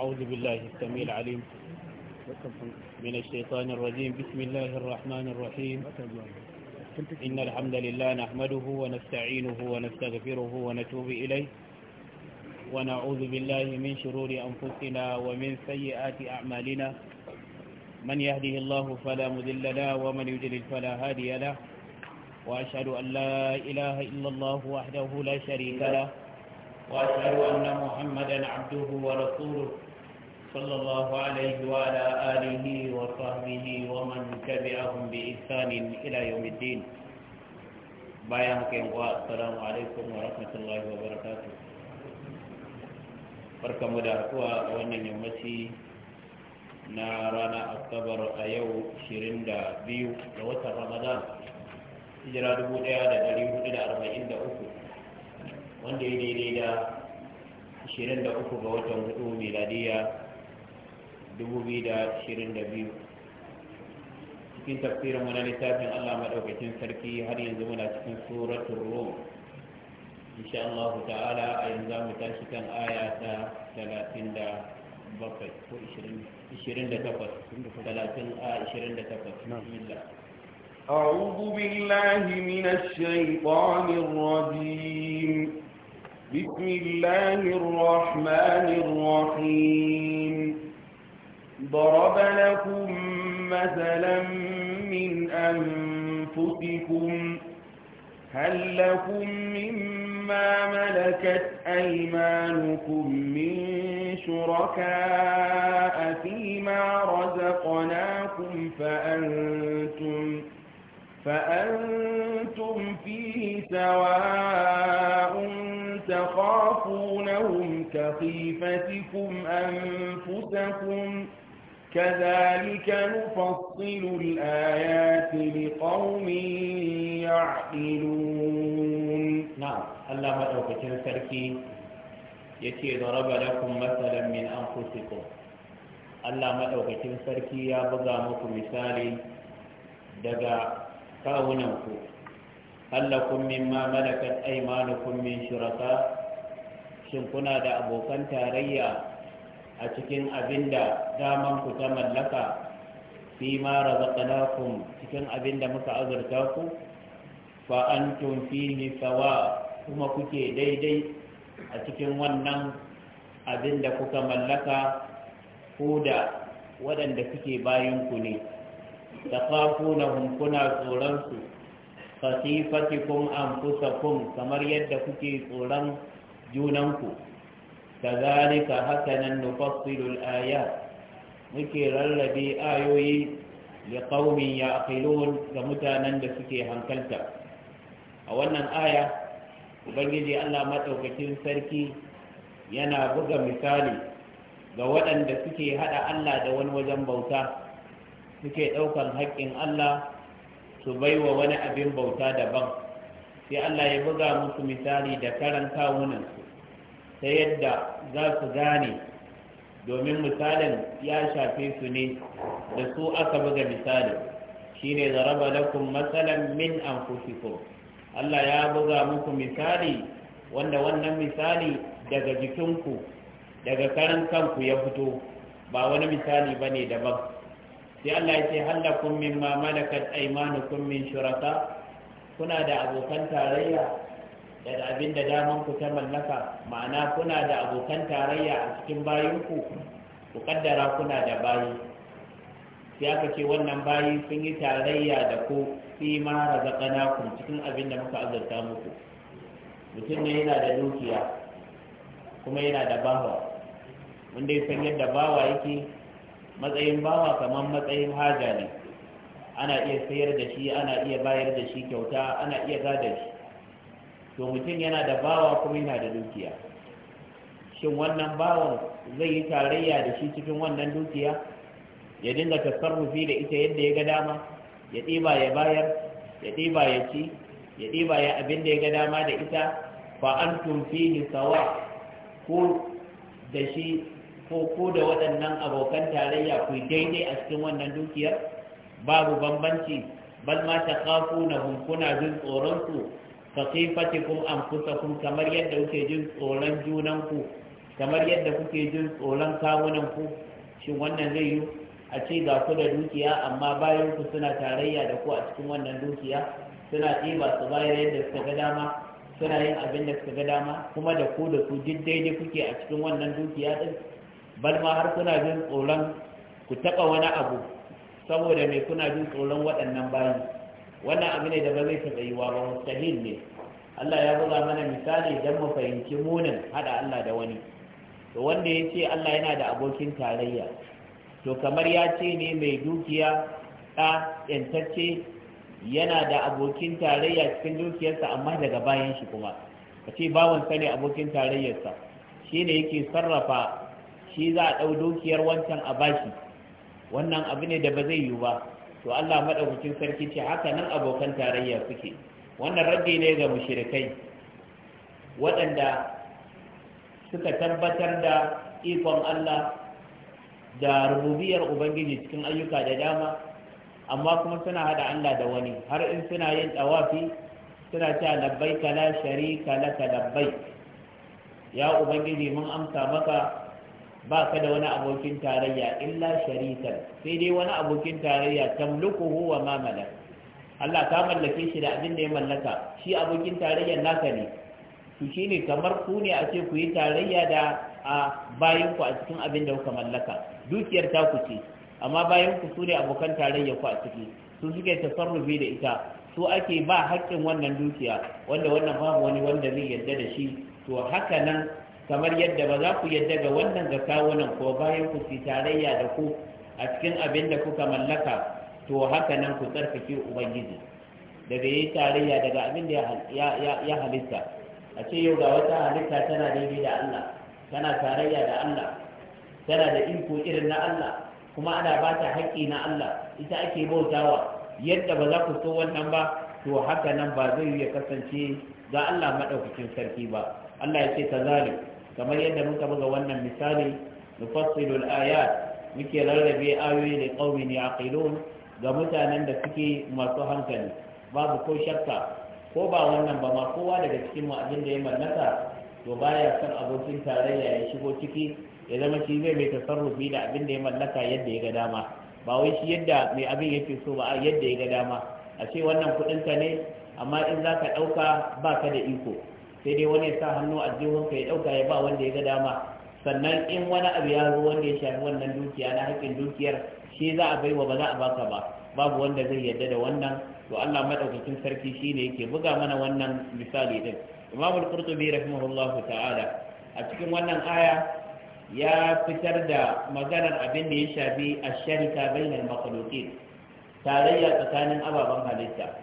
أعوذ بالله السميع العليم من الشيطان الرجيم بسم الله الرحمن الرحيم إن الحمد لله نحمده ونستعينه ونستغفره ونتوب إليه ونعوذ بالله من شرور أنفسنا ومن سيئات أعمالنا من يهده الله فلا مذل له ومن يجلل فلا هادي له وأشهد أن لا إله إلا الله وحده لا شريك له وأشهد أن محمدا عبده ورسوله صلى الله عليه وعلى آله وصحبه ومن تبعهم بإحسان إلى يوم الدين بايعك السلام عليكم ورحمة الله وبركاته barkamu da haɗuwa a wannan yammaci na rana asabar a yau 22 ga watan ramadan hijira 1443 wanda ya daidai da 23 ga watan hudu miladiya 2022 cikin tafsirin wani littafin Allah maɗaukakin sarki har yanzu muna cikin suratun rum insha Allah ta'ala a yanzu mu tashi kan aya ta 37 ko 28 30 a 28 bismillah أعوذ بالله من الشيطان الرجيم بسم الله الرحمن الرحيم ضرب لكم مثلا من أنفسكم هل لكم مما ملكت أيمانكم من شركاء فيما رزقناكم فأنتم, فأنتم فيه سواء تخافونهم كخيفتكم أنفسكم كذلك نفصل الآيات لقوم يعقلون نعم الله مدعوك تنسركي يتي ضرب لكم مثلا من أنفسكم الله مدعوك تنسركي يا بغامك مثالي دقا كاونكم هل لكم مما ملكت أيمانكم من شركاء شن كنا دا أبوكان تاريا a cikin da daman ku ta mallaka fi ma razaqnakum cikin abin da muka azurta ku fa antum fihi sawa kuma kuke daidai a cikin wannan abin da kuka mallaka ku da waɗanda kuke bayan ku ne kafuna kuna tsoron su fasifatikum anfusakum kamar yadda kuke tsoron junanku ku كذلك hakanan نفصل الآيات muke rarrabe ayoyi da ƙaumin ya ga mutanen da suke hankalta a wannan aya ubangiji allah maɗaukacin sarki yana buga misali ga waɗanda suke haɗa allah da wani wajen bauta suke ɗaukan haƙƙin allah su baiwa wani abin bauta daban sai allah ya buga musu misali da karan kawunansu ta yadda za su gane domin misalin ya shafe su ne da su aka buga misalin shine zaraba lakum matsalan min anfusikum Allah ya buga muku misali wanda wannan misali daga jikinku daga karan kanku ya fito ba wani misali ba ne daban sai Allah ya ce hallakum mimma malakat aymanukum min shuraka kuna da abokan tarayya daga abin da daman ku ta mallaka ma'ana kuna da abokan tarayya a cikin bayinku ku kaddara kuna da bayi sai aka ce wannan bayi sun yi tarayya da ku fi ma ku cikin abin da muka azurta muku mutum ne yana da dukiya kuma yana da bawa mun dai san yadda bawa yake matsayin bawa kamar matsayin haja ne ana iya sayar da shi ana iya bayar da shi kyauta ana iya gada shi to mutum yana da bawa kuma yana da dukiya shin wannan bawan zai yi tarayya da shi cikin wannan dukiya ya dinga tasarrufi da ita yadda ya ga dama ya ɗiba ya bayar ya ɗiba ya ci ya ɗiba ya abin da ya ga dama da ita fa an tumfihi sawa ko da shi ko ko da waɗannan abokan tarayya ku daidai a cikin wannan dukiyar babu bambanci bal ma ta kafu na hunkuna jin tsoronsu fasifatikum anfusakum kamar yadda kuke jin tsoron junanku kamar yadda kuke jin tsoron kawunanku shin wannan zai yi a ce ga ku da dukiya amma bayanku suna tarayya da ku a cikin wannan dukiya suna ɗiba su bayar yadda suka ga dama suna yin abin da suka ga dama kuma da ku da ku duk daidai kuke a cikin wannan dukiya ɗin bal ma har kuna jin tsoron ku taɓa wani abu saboda me kuna jin tsoron waɗannan bayan wannan abu ne da ba zai taɓa wa ba mustahil ne Allah ya buga mana misali don mu fahimci munin haɗa Allah da wani to wanda ya ce Allah yana da abokin tarayya to kamar ya ce ne mai dukiya ɗa ƴantacce yana da abokin tarayya cikin dukiyarsa amma daga bayan shi kuma ka ce bawansa ne abokin tarayyarsa shi ne yake sarrafa shi za a ɗau dukiyar wancan a bashi wannan abu ne da ba zai yiwu ba to Allah madaukakin sarki ce haka nan abokan tarayya suke wannan raddi ne ga mushrikai waɗanda suka tabbatar da ikon Allah da rububiyar ubangiji cikin ayyuka da dama amma kuma suna hada Allah da wani har in suna yin tawafi suna cewa labbaika la sharika laka labbaik ya ubangiji mun amsa maka ba ka da wani abokin tarayya illa sharikan sai dai wani abokin tarayya tamluku huwa ma Allah ka mallake shi da abin da ya mallaka shi abokin tarayya naka ne shi shine kamar ku ne a ce ku yi tarayya da a bayan ku a cikin abin da kuka mallaka dukiyar ta ku ce amma bayan ku su ne abokan tarayya ku a ciki su suke tasarrufi da ita su ake ba haƙƙin wannan dukiya wanda wannan babu wani wanda zai yarda da shi to haka nan kamar yadda ba za ku yadda ga wannan ga kawunan ko bayan ku fi tarayya da ku a cikin abin da kuka mallaka to haka nan ku tsarkake ubangiji daga yi tarayya daga abin da ya halitta a ce yau ga wata halitta tana daidai da Allah tana tarayya da Allah tana da iko irin na Allah kuma ana ba ta haƙƙi na Allah ita ake bautawa yadda ba za ku so wannan ba to haka nan ba zai ya kasance ga Allah maɗaukacin sarki ba Allah ya ce ta zalim kamar yadda muka buga wannan misali nufassilu al-ayat muke rarrabe ayoyi da qaumin yaqilun ga mutanen da suke masu hankali babu ko shakka ko ba wannan ba ma kowa daga cikin mu abin da ya mallaka to baya son abokin tarayya ya shigo ciki ya zama shi zai mai tasarrufi da abin da ya mallaka yadda ya ga dama ba wai shi yadda mai abin yake so ba yadda ya ga dama a ce wannan kudinka ne amma in za ka ɗauka ba ka da iko sai dai wani ya sa hannu a jihunka ya ɗauka ya ba wanda ya ga dama sannan in wani abu ya zo wanda ya shafi wannan dukiya na haƙƙin dukiyar shi za a baiwa ba za a baka ba babu wanda zai yarda da wannan to Allah madaukakin sarki shine yake buga mana wannan misali din Imam al-Qurtubi rahimahullahu ta'ala a cikin wannan aya ya fitar da maganar abin da ya shafi asharika bainal makhluqin tarayya tsakanin ababen halitta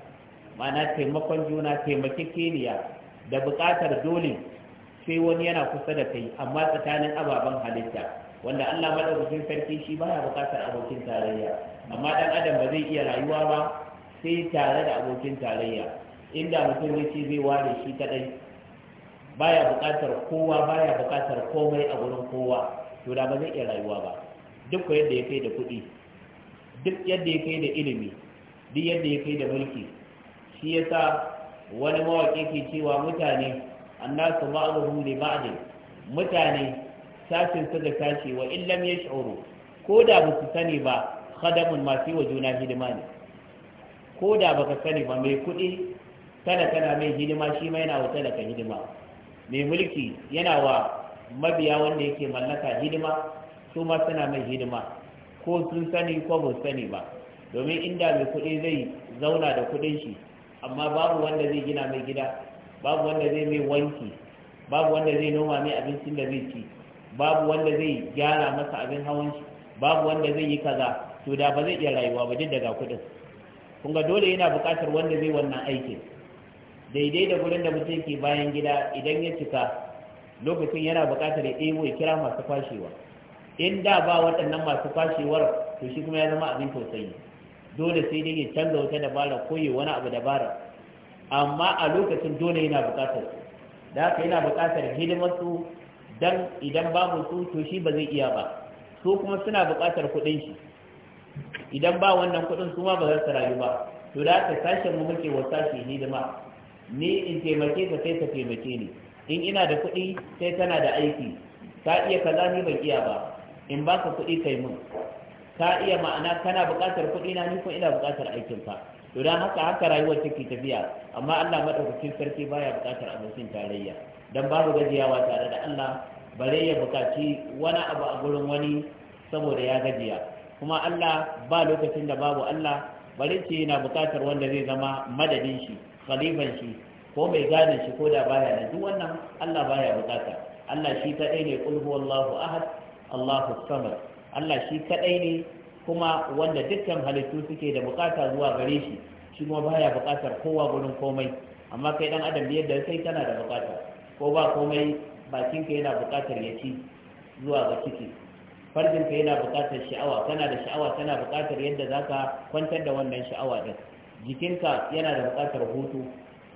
ma'ana taimakon juna taimakekeniya da buƙatar dole sai wani yana kusa da kai amma tsakanin ababen halitta wanda Allah madaukakin sarki shi baya buƙatar abokin tarayya amma dan adam ba zai iya rayuwa ba sai tare da abokin tarayya inda mutum ya shi zai ware shi kadai baya buƙatar kowa baya buƙatar komai a gurin kowa to da ba zai iya rayuwa ba duk yadda ya kai da kuɗi duk yadda ya kai da ilimi duk yadda ya kai da mulki shi yasa wani mawaƙi ke cewa mutane annasu ba'dhum li ba'd mutane sashin su ga sashi wa illam yash'uru ko da ba su sani ba khadamun masu wa juna hidima ne ko da baka sani ba mai kuɗi tana-tana mai hidima shi ma yana wa talaka hidima mai mulki yana wa mabiya wanda yake mallaka hidima su ma suna mai hidima ko sun sani ko ba su sani ba domin inda mai kuɗi zai zauna da kuɗin shi amma babu wanda zai gina mai gida babu wanda zai mai wanki babu wanda zai noma mai abincin da zai ci babu wanda zai gyara masa abin hawan shi babu wanda zai yi kaza to da ba zai iya rayuwa ba duk daga kuɗin kun ga dole yana buƙatar wanda zai wannan aikin daidai da gurin da mutum ke bayan gida idan ya cika lokacin yana buƙatar ya ɗebo ya kira masu kwashewa in da ba waɗannan masu kwashewar to shi kuma ya zama abin tausayi dole sai dai ya canza wata dabara ko ya wani abu dabara amma a lokacin dole yana buƙatar su da haka yana buƙatar hidimar su dan idan babu su to shi ba zai iya ba su kuma suna bukatar kuɗin shi idan ba wannan kuɗin su ma ba za su rayu ba to da haka sashen mu muke wa sashi hidima ni in taimake ka sai ka taimake ni in ina da kuɗi sai tana da aiki ka iya kaza ni ban iya ba in ba ka kuɗi kai mun ka iya ma'ana kana buƙatar kuɗi na nufin ina buƙatar aikin ka to dan haka haka rayuwar take tafiya amma Allah madaukakin sarki baya buƙatar abokin tarayya dan babu gajiyawa tare da Allah bare ya buƙaci wani abu a gurin wani saboda ya gajiya kuma Allah ba lokacin da babu Allah bare ce yana buƙatar wanda zai zama madadin shi khaliban shi ko mai gadin shi ko da baya da duk wannan Allah baya buƙata Allah shi ta kadai ne kul huwallahu ahad Allahu samad Allah shi kaɗai ne kuma wanda dukkan halittu suke da bukata zuwa gare shi shi kuma baya bukatar kowa gurin komai amma kai dan adam yadda kai kana da bukata ko ba komai bakin ka yana bukatar ya ci zuwa ga ciki farjin ka yana bukatar sha'awa kana da sha'awa tana bukatar yadda zaka kwantar da wannan sha'awa din jikinka yana da bukatar hutu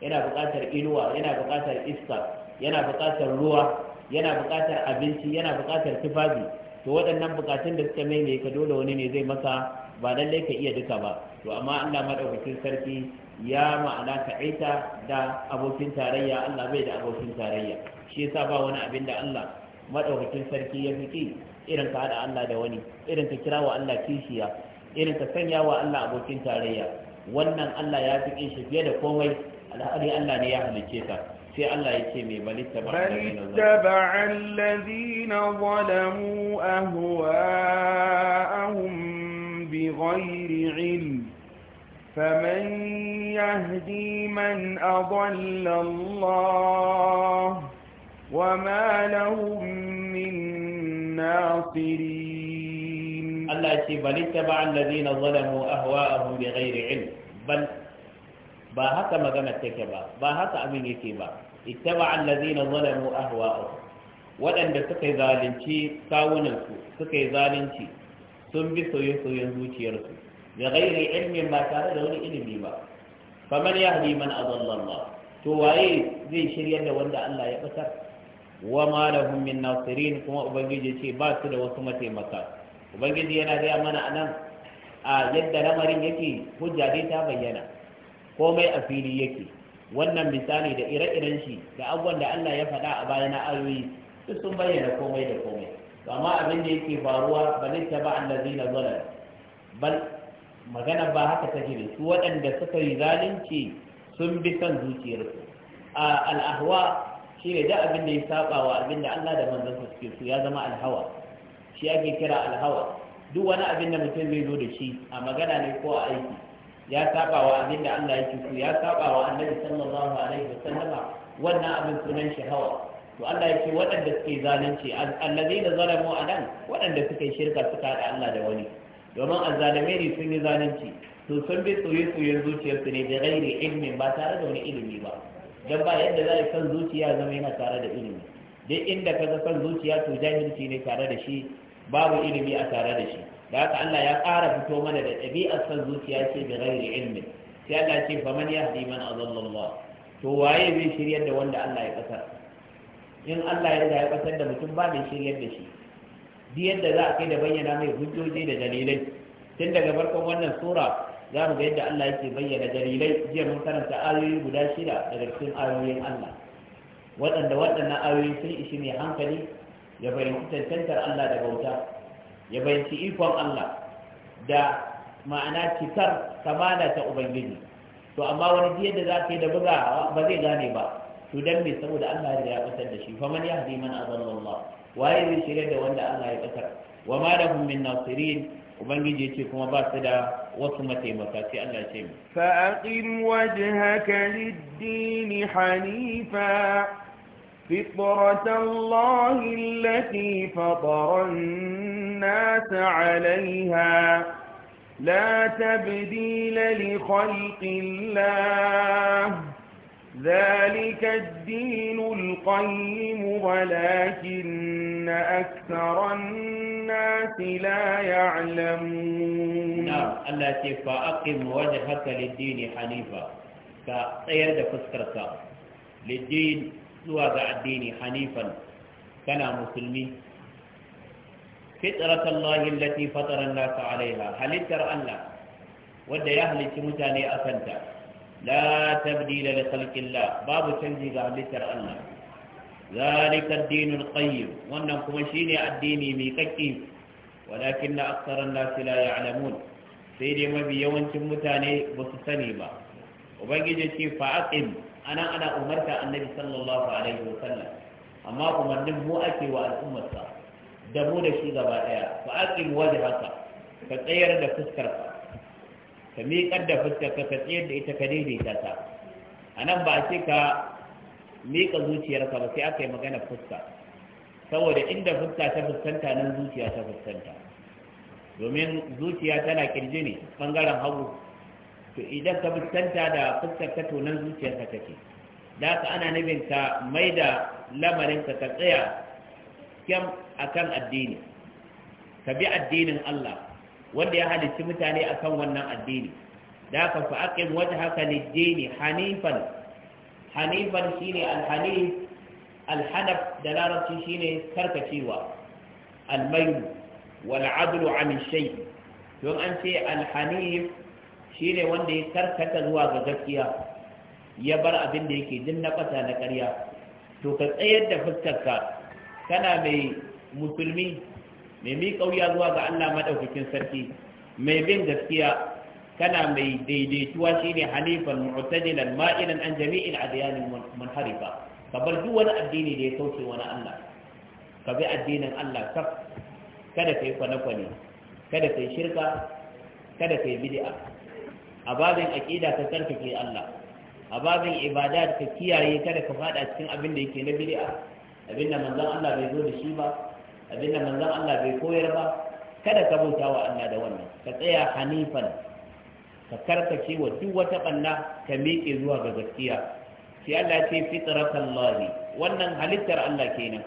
yana bukatar inuwa yana bukatar iska yana bukatar ruwa yana bukatar abinci yana bukatar tufafi to waɗannan bukatun da suka maimai ka dole wani ne zai maka ba lallai ka iya duka ba to amma Allah madaukakin sarki ya ma'ana ka aita da abokin tarayya Allah bai da abokin tarayya shi yasa ba wani abin da Allah madaukakin sarki ya fiki irin ka hada Allah da wani irin ka kira wa Allah kishiya irin ka sanya wa Allah abokin tarayya wannan Allah ya fi shi fiye da komai alhali Allah ne ya halicce ka sai Allah ya ce mai balittaba alladhina zalamu ahwa'ahum bighairi ilm faman yahdi man adalla Allah wama lahum min nasirin Allah ya ce balittaba alladhina zalamu ahwa'ahum bighairi ilm bal ba haka magana take ba ba haka abin yake ba ittaba allazina zalamu ahwa'u waɗanda suka yi zalunci kawunansu suka yi zalunci sun bi soyayyen zuciyarsu da ghairi ilmin ba tare da wani ilimi ba faman yahdi man adalla Allah to waye zai shiryar da wanda Allah ya batar wa ma lahum min nasirin kuma ubangiji ce ba su da wasu mataimaka ubangiji yana gaya mana anan a yadda lamarin yake hujja dai ta bayyana komai a fili yake wannan misali da ire-iren shi da abubuwan da Allah ya faɗa a bayan ayoyi duk sun bayyana komai da komai amma abin da yake faruwa ba zai taba allazi na zalar bal magana ba haka take ne su waɗanda suka yi zalunci sun bi son zuciyarsu a al'ahwa shi ne da abin da ya saba wa abin da Allah da manzon su suke su ya zama alhawa shi ake kira alhawa duk wani abin da mutum zai zo da shi a magana ne ko a aiki ya saba wa abin da Allah yake so ya saba wa annabi sallallahu alaihi wasallama wannan abin sunan shahawa. to Allah yake waɗanda suke zalunci allazina zalamu anan waɗanda suka yi shirka suka haɗa Allah da wani domin azzalame ne sun yi zalunci to sun bi soye zuciyar zuciyarsu ne da gairi ilmin ba tare da wani ilimi ba don ba yadda za a san zuciya zama yana tare da ilimi duk inda ka san zuciya to jahilci ne tare da shi babu ilimi a tare da shi da haka Allah ya ƙara fito mana da ɗabi'ar san zuciya ce da ghairi ilmin sai Allah ce fa man yahdi man adallallah to waye zai shiryar da wanda Allah ya kasar in Allah ya riga ya kasar da mutum ba mai shiryar da shi di yadda za a kai da bayyana mai hujjoji da dalilai tun daga farkon wannan sura za mu ga yadda Allah yake bayyana dalilai jiya mun karanta ayoyi guda shida daga cikin ayoyin Allah waɗanda waɗannan ayoyi sun ishi mai hankali ya fahimci tantar Allah da bauta ya bayanci ikon Allah da ma'ana cikar kamala ta ubangiji to amma wani jiya da za ka yi da buga, ba zai gane ba to dan me saboda Allah ya batar da shi faman yahdi man azalla Allah waye zai shirya da wanda Allah ya batar wa ma lahum min nasirin ubangiji yace kuma ba su da wasu mataimaka sai Allah ya ce mu fa aqim wajhaka lid-din hanifa فطرة الله التي فطر الناس عليها لا تبديل لخلق الله ذلك الدين القيم ولكن أكثر الناس لا يعلمون نعم التي فأقم وجهك للدين حنيفا فأيرد فسكرك للدين zuwa ga addini hanifan kana musulmi fitrat Allah allati fatara an-nas 'alayha halittar Allah wanda ya halicci mutane a kanta la tabdila li khalqillah babu canji ga halittar Allah zalika ad-din qayyim wannan kuma shine addini mai kakki walakin aktsara an-nas la ya'lamun sai dai mafi yawancin mutane ba su sani ba ubangiji ce fa'aqim ana ana umarta annabi sallallahu alaihi wa sallam amma umarnin mu ake wa al'ummarsa da mu da shi gaba daya fa aqim wajhaka ka tsayar da fuskar ka ka miƙar da fuskar ka ka tsayar da ita ka daidaita ta anan ba ce ka miƙa zuciyarka ba sai aka yi magana fuska saboda inda fuska ta fuskanta nan zuciya ta fuskanta domin zuciya tana kirji ne bangaren hagu to idan ka fuskanta da fuskar ka tonan zuciyarka take da ka ana nufin ka mai da lamarin ka tsaya kyam akan addini ka bi addinin Allah wanda ya halicci mutane akan wannan addini da ka fa aqim wajhaka lid-dini hanifan hanifan shine al-hanif al da larabci shine karkacewa almayu, mayl wal 'adlu don an ce al shine wanda ya karkata zuwa ga gaskiya ya bar abin da yake din na bata na ƙarya to ka tsayar da fuskarka kana mai musulmi mai miƙa wuya zuwa ga Allah madaukakin sarki mai bin gaskiya kana mai daidaituwa shine hanifan mu'tadilan ma'ilan an jami'il adyan munharifa ka bar duk wani addini da ya kauce wani Allah ka bi addinin Allah kaf kada kai kwane-kwane kada kai shirka kada kai bid'a a babin aƙida ka tsarkake Allah a babin ibada ka kiyaye kada ka fada cikin abin da yake na bid'a abin da manzon Allah bai zo da shi ba abin da manzon Allah bai koyar ba kada ka bauta wa Allah da wannan ka tsaya hanifan ka karkace wa duk wata banna ka miƙe zuwa ga gaskiya sai Allah ce fitratan lahi wannan halittar Allah kenan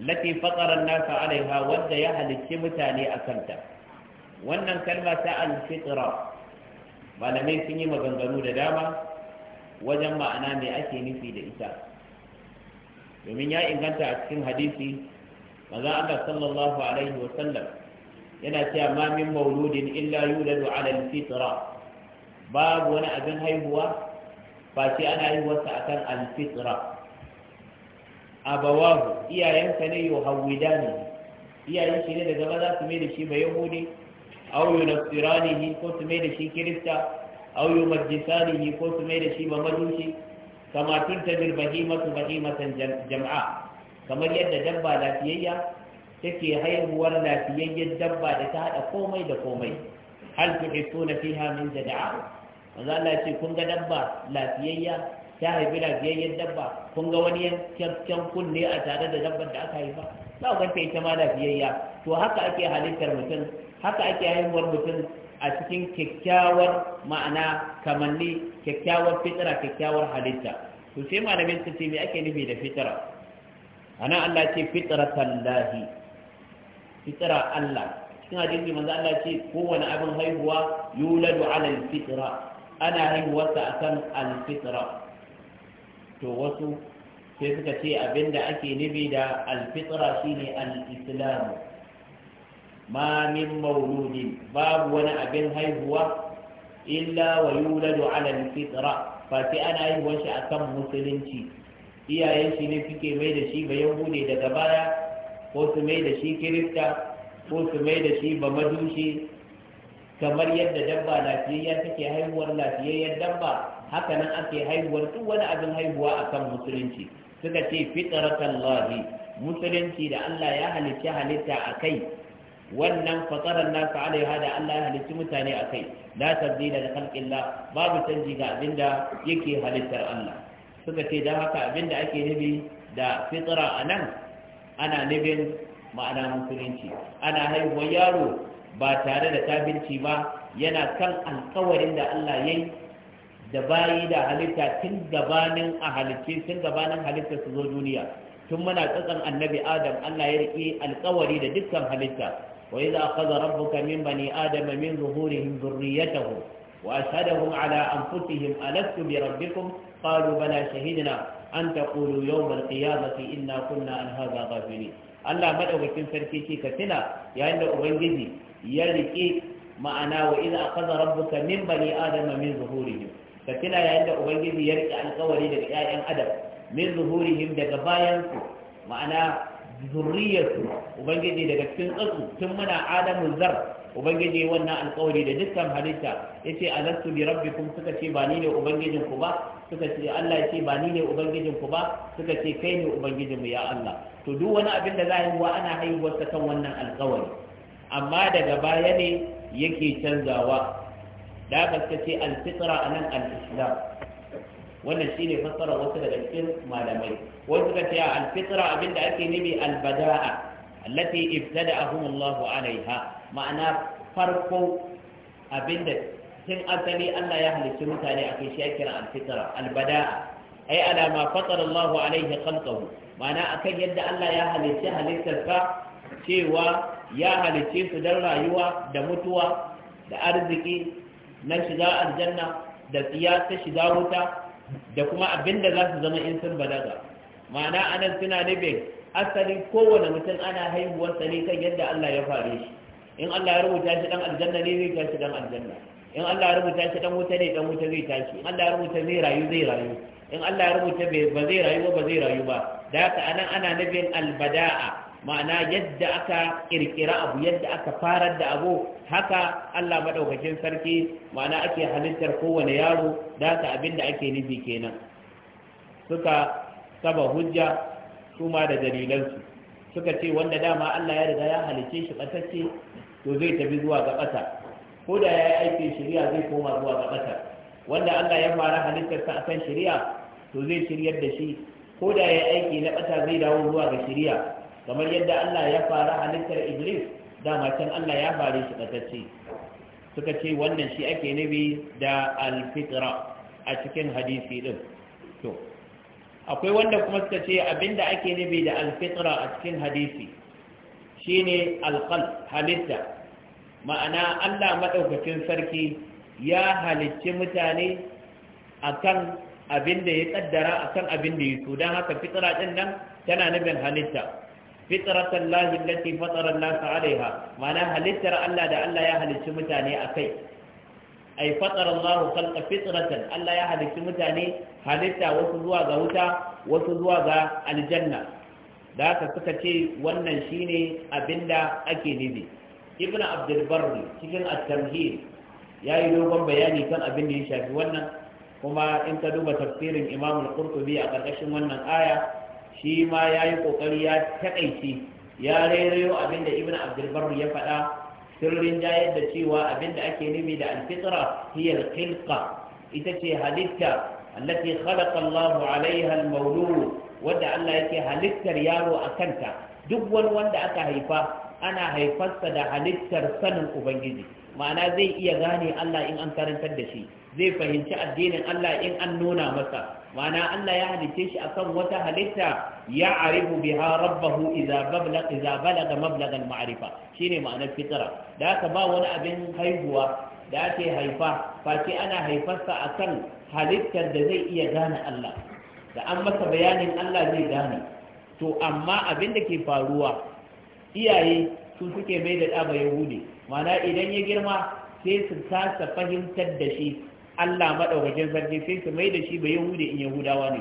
allati fatara an-nasa alaiha wanda ya halicci mutane a kanta wannan kalma ta al-fitra malamai sun yi maganganu da dama wajen ma'ana mai ake nufi da ita domin ya inganta a cikin hadisi maza Allah sallallahu alaihi wa sallam yana cewa ma min mauludin illa yuladu ala al-fitra babu wani abin haihuwa shi ana haihuwa sa akan al-fitra abawahu iyayensa ne yuhawwidani iyayen shi ne daga maza su mai da shi ba yahudi aw yunasiranihi ko su mai da shi kirista aw yumajjisanihi ko su mai da shi ba majushi kama tuntabil bahimatu bahimatan jama'a. kamar yadda dabba lafiyayya take haihuwar lafiyayyar dabba da ta haɗa komai da komai hal na fiha min jada'a manzo Allah ce kun ga dabba lafiyayya ta haifi lafiyayyen dabba kun ga wani yankin kunne a tare da dabbar da aka haifa za ku ganta ita ma lafiyayya to haka ake halittar mutum haka ake haihuwar mutum a cikin kyakkyawar ma'ana kamanni kyakkyawar fitira kyakkyawar halitta to sai malamin su ce me ake nufi da fitira anan Allah ce fitratan lahi fitira Allah cikin hadisi manzo Allah ce kowane abin haihuwa yuladu ala alfitra ana haihuwarsa akan alfitra to wasu sai suka ce abinda ake nufi da alfitra shine al ma min mauludin babu wani abin haihuwa illa wa yuladu ala alfitra fa sai ana haihuwar shi akan musulunci iyayen shi ne suke mai da shi ba yahude daga baya ko su mai da shi kirista ko su mai da shi ba madushi kamar yadda dabba lafiyayya take haihuwar lafiyayyar dabba haka nan ake haihuwar duk wani abin haihuwa akan musulunci suka ce fitratan lahi musulunci da Allah ya halicci halitta a kai wannan fasarar nasa alaiha da Allah ya halitti mutane a kai la tabdila da khalqillah babu canji ga abinda yake halittar Allah suka ce dan haka abinda ake nufi da fitra anan ana nufin ma'ana musulunci ana haihuwar yaro ba tare da kafirci ba yana kan alkawarin da Allah ya yi da bayi da halitta tun gabanin a halitce tun gabanin halitta su zo duniya tun muna tsatsan annabi adam Allah ya riƙe alkawari da dukkan halitta وإذا أخذ ربك من بني آدم من ظهورهم ذريتهم وأشهدهم على أنفسهم ألست بربكم قالوا بلى شهدنا أن تقولوا يوم القيامة إنا كنا عن هذا غافلين Allah madaukakin sarki ce ka tuna yayin da ubangiji ya rike ma'ana wa idza akhadha rabbuka min bani adama min zuhurihim ka tuna yayin da ubangiji ya rike daga ƴaƴan adam min daga ma'ana zurriyarsu ubangiji daga cikin tsatsu tun muna adamu zar ubangiji wannan alkawari da dukkan halitta yace alastu bi rabbikum suka ce ba ni ne ubangijin ku ba suka ce Allah ce ba ni ne ubangijin ku ba suka ce kai ne ubangijin mu ya Allah to duk wani abin da za a yi wa ana haihuwar ta kan wannan alkawari amma daga baya ne yake canzawa da gaske ce alfitra anan al-islam wannan shine fassara wasu daga cikin malamai wasu suka ce al-fitra abinda ake nufi al-bada'a allati ibtada'ahum Allah alaiha ma'ana farko abinda tun asali Allah ya halicci mutane akai shi ake kira al-fitra al-bada'a ay ala ma fatara Allah alaihi khalqahu ma'ana akan yadda Allah ya halicci halittarsa cewa ya halicce su don rayuwa da mutuwa da arziki na shiga aljanna da tsiya ta shiga wuta da kuma abin da za su zama in sun balaga ma'ana anan suna nufin asali kowane mutum ana haihuwarsa ne kan yadda Allah ya fare shi in Allah ya rubuta shi dan aljanna ne zai tashi dan aljanna in Allah ya rubuta shi dan wuta ne dan wuta zai tashi in Allah ya rubuta zai rayu zai rayu in Allah ya rubuta ba zai rayu ba zai rayu ba da haka anan ana nufin albada'a ma'ana yadda aka kirkira abu yadda aka fara da abu haka Allah madaukakin sarki ma'ana ake halittar kowane yaro da haka abin ake nufi kenan suka saba hujja su ma da dalilansu suka ce wanda dama Allah ya riga ya halice shi batacce to zai tafi zuwa ga bata ko da ya yi shari'a zai koma zuwa ga bata wanda Allah ya fara halittarsa akan shari'a to zai shiryar da shi ko da ya aiki na bata zai dawo zuwa ga shari'a kamar yadda Allah ya fara halittar iblis da can Allah ya fara shi batacce suka ce wannan shi ake nabi da alfitra a cikin hadisi din to akwai wanda kuma suka ce abinda ake nabi da alfitra a cikin hadisi shine alqal halitta ma'ana Allah madaukakin sarki ya halicci mutane akan abin da ya kaddara akan abin da ya so don haka fitra din nan tana nufin halitta fitratan lahi lati fatara an-nas 'alayha ma'ana halittar Allah da Allah ya halicci mutane akai ay fatara Allah khalqa fitratan Allah ya halicci mutane halitta wasu zuwa ga wuta wasu zuwa ga aljanna da haka suka ce wannan shine abinda ake nufi ibnu abdul barri cikin at-tamhid yayi dogon bayani kan abin da ya shafi wannan kuma in ka duba tafsirin imamul qurtubi a ƙarƙashin wannan aya shi ma ya yi ƙoƙari ya taƙaice ya rairayo abinda ibn abdulbar ya faɗa sirrin jayar da cewa abinda ake nufi da alfitra hiyar khilqa ita ce halitta allati khalaqa Allahu alaiha al-mawlud wanda Allah yake halittar yaro a kanta duk wani wanda aka haifa ana haifarsa da halittar sanin ubangiji ma'ana zai iya gane Allah in an karantar da shi zai fahimci addinin Allah in an nuna masa ma'ana Allah ya halice shi akan wata halitta ya arifu biha rabbahu idza mablagan idza balaga mablagha al-ma'rifa shine ma'anar fitra da haka ba wani abin haihuwa da ake haifa face ana haifarsa akan halittar da zai iya gane Allah da an masa bayanin Allah zai gane to amma abin da ke faruwa iyaye su suke mai da ɗaba hude mana idan ya girma sai su tasa fahimtar da shi Allah maɗaukacin sarki sai su mai da shi ba yahude in yahudawa ne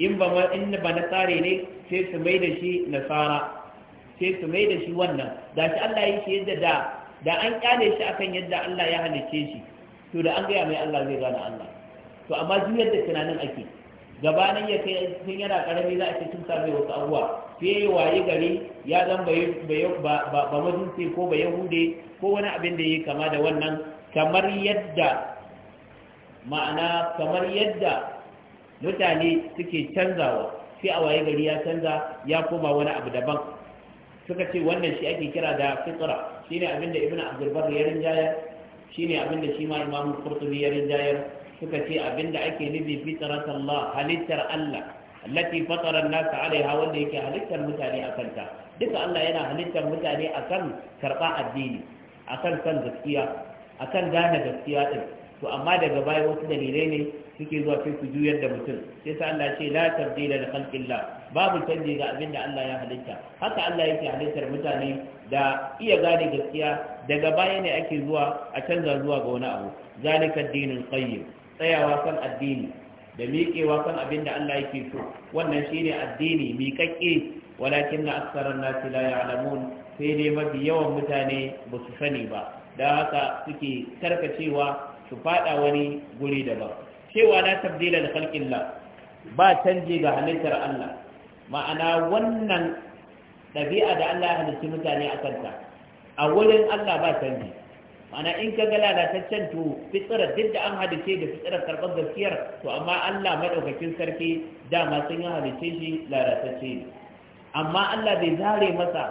in ba in ba tsare ne sai su mai da shi nasara sai su mai da shi wannan da shi Allah yi shi yadda da da an kyale shi akan yadda Allah ya halicce shi to da an gaya mai Allah zai gane Allah to amma zuwa yadda tunanin ake gabanin ya kai sun yana karami za a ce tun same wasu abuwa sai waye gari ya zan ba majusi ko ba yahude ko wani abin da ya kama da wannan kamar yadda ma'ana kamar yadda mutane suke canzawa sai a waye gari ya canza ya koma wani abu daban suka ce wannan shi ake kira da fitra shine abin da ibnu abdulbar ya rinjayar shine abin da shi ma imam qurtubi ya rinjayar suka ce abinda ake nufi fitrat Allah halittar Allah allati fatara an-nas alaiha wanda yake halittar mutane akan ta duka Allah yana halittar mutane akan karba addini akan san gaskiya akan gane gaskiya din to amma daga baya wasu dalilai ne suke zuwa sai su juyar da mutum sai sa Allah ce la tabdila li khalqillah babu canji ga abinda Allah ya halitta haka Allah yake halittar mutane da iya gane gaskiya daga baya ne ake zuwa a canza zuwa ga wani abu zalika dinul qayyim tsayawa kan addini da miƙewa kan abinda Allah yake so wannan shine addini miƙaƙƙe walakin na aksarar nasi la ya'lamun sai dai mafi yawan mutane ba su sani ba da haka suke karkacewa su fada wani guri daban cewa na tabdila da khalqillah ba canji ga halittar Allah ma'ana wannan ɗabi'a da Allah ya halicci mutane a kanta a wurin Allah ba canji ma'ana in ka ga lalataccen to fitsarar duk da an halice da fitsarar karɓar gaskiyar to amma Allah maɗaukakin sarki dama sun yi halice shi lalatacce ne amma Allah bai zare masa